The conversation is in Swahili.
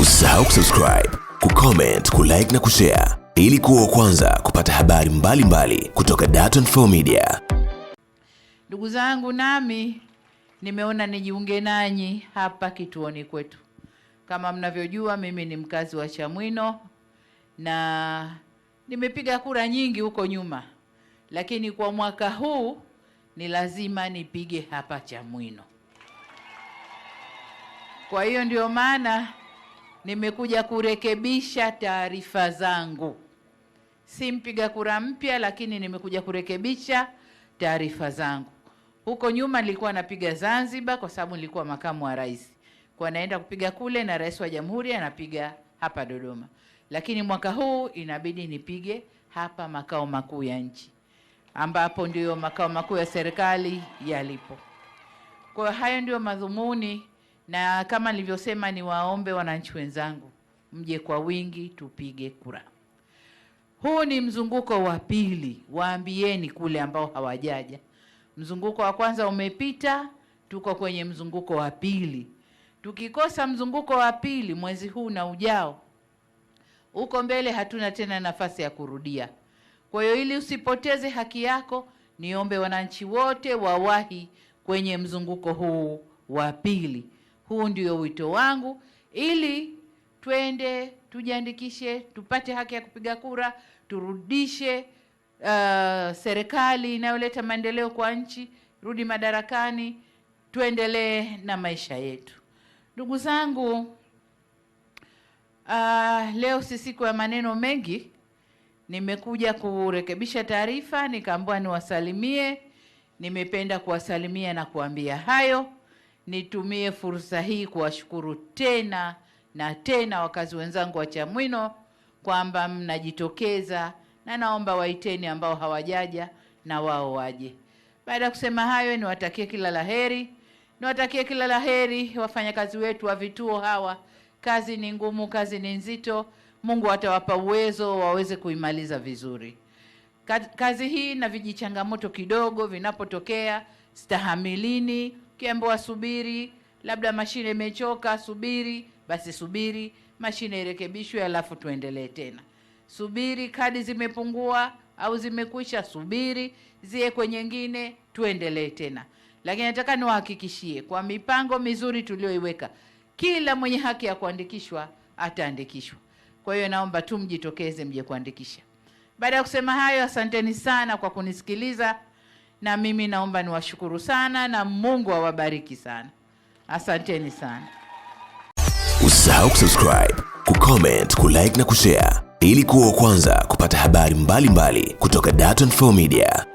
Usisahau kusubscribe, kucomment, kulike na kushare ili kuwa kwanza kupata habari mbalimbali mbali kutoka Dar24 Media. Ndugu zangu, nami nimeona nijiunge nanyi hapa kituoni kwetu. Kama mnavyojua, mimi ni mkazi wa Chamwino na nimepiga kura nyingi huko nyuma, lakini kwa mwaka huu ni lazima nipige hapa Chamwino. Kwa hiyo ndio maana nimekuja kurekebisha taarifa zangu, si mpiga kura mpya, lakini nimekuja kurekebisha taarifa zangu. Huko nyuma nilikuwa napiga Zanzibar kwa sababu nilikuwa makamu wa rais, kwa naenda kupiga kule, na rais wa jamhuri anapiga hapa Dodoma, lakini mwaka huu inabidi nipige hapa makao makuu ya nchi, ambapo ndiyo makao makuu ya serikali yalipo. Kwa hayo ndiyo madhumuni na kama nilivyosema, waombe wananchi wenzangu mje kwa wingi tupige kura. Huu ni mzunguko wa pili, waambieni kule ambao hawajaja. Mzunguko wa kwanza umepita, tuko kwenye mzunguko wa pili. Tukikosa mzunguko wa pili mwezi huu na ujao, huko mbele hatuna tena nafasi ya kurudia. Kwa hiyo ili usipoteze haki yako, niombe wananchi wote wawahi kwenye mzunguko huu wa pili. Huu ndio wito wangu, ili twende tujiandikishe, tupate haki ya kupiga kura, turudishe uh, serikali inayoleta maendeleo kwa nchi, rudi madarakani, tuendelee na maisha yetu. Ndugu zangu, uh, leo si siku ya maneno mengi. Nimekuja kurekebisha taarifa, nikaambiwa niwasalimie. Nimependa kuwasalimia na kuambia hayo. Nitumie fursa hii kuwashukuru tena na tena wakazi wenzangu wa Chamwino kwamba mnajitokeza, na naomba waiteni ambao hawajaja na wao waje. Baada ya kusema hayo, niwatakie kila laheri, niwatakie kila laheri wafanyakazi wetu wa vituo hawa. Kazi ni ngumu, kazi ni nzito. Mungu atawapa uwezo waweze kuimaliza vizuri kazi hii, na vijichangamoto kidogo vinapotokea, stahamilini. Kiambiwa subiri, labda mashine imechoka, subiri, basi subiri mashine irekebishwe, alafu tuendelee tena. Subiri, kadi zimepungua au zimekwisha, subiri ziwekwe nyingine, tuendelee tena. Lakini nataka niwahakikishie kwa mipango mizuri tuliyoiweka, kila mwenye haki ya kuandikishwa ataandikishwa. Kwa hiyo naomba tu mjitokeze, mje kuandikisha. Baada ya kusema hayo, asanteni sana kwa kunisikiliza na mimi naomba niwashukuru sana na Mungu awabariki sana. Asanteni sana. Usisahau kusubscribe, kucomment, kulike na kushare ili kuwa wa kwanza kupata habari mbalimbali mbali kutoka Dar24 Media.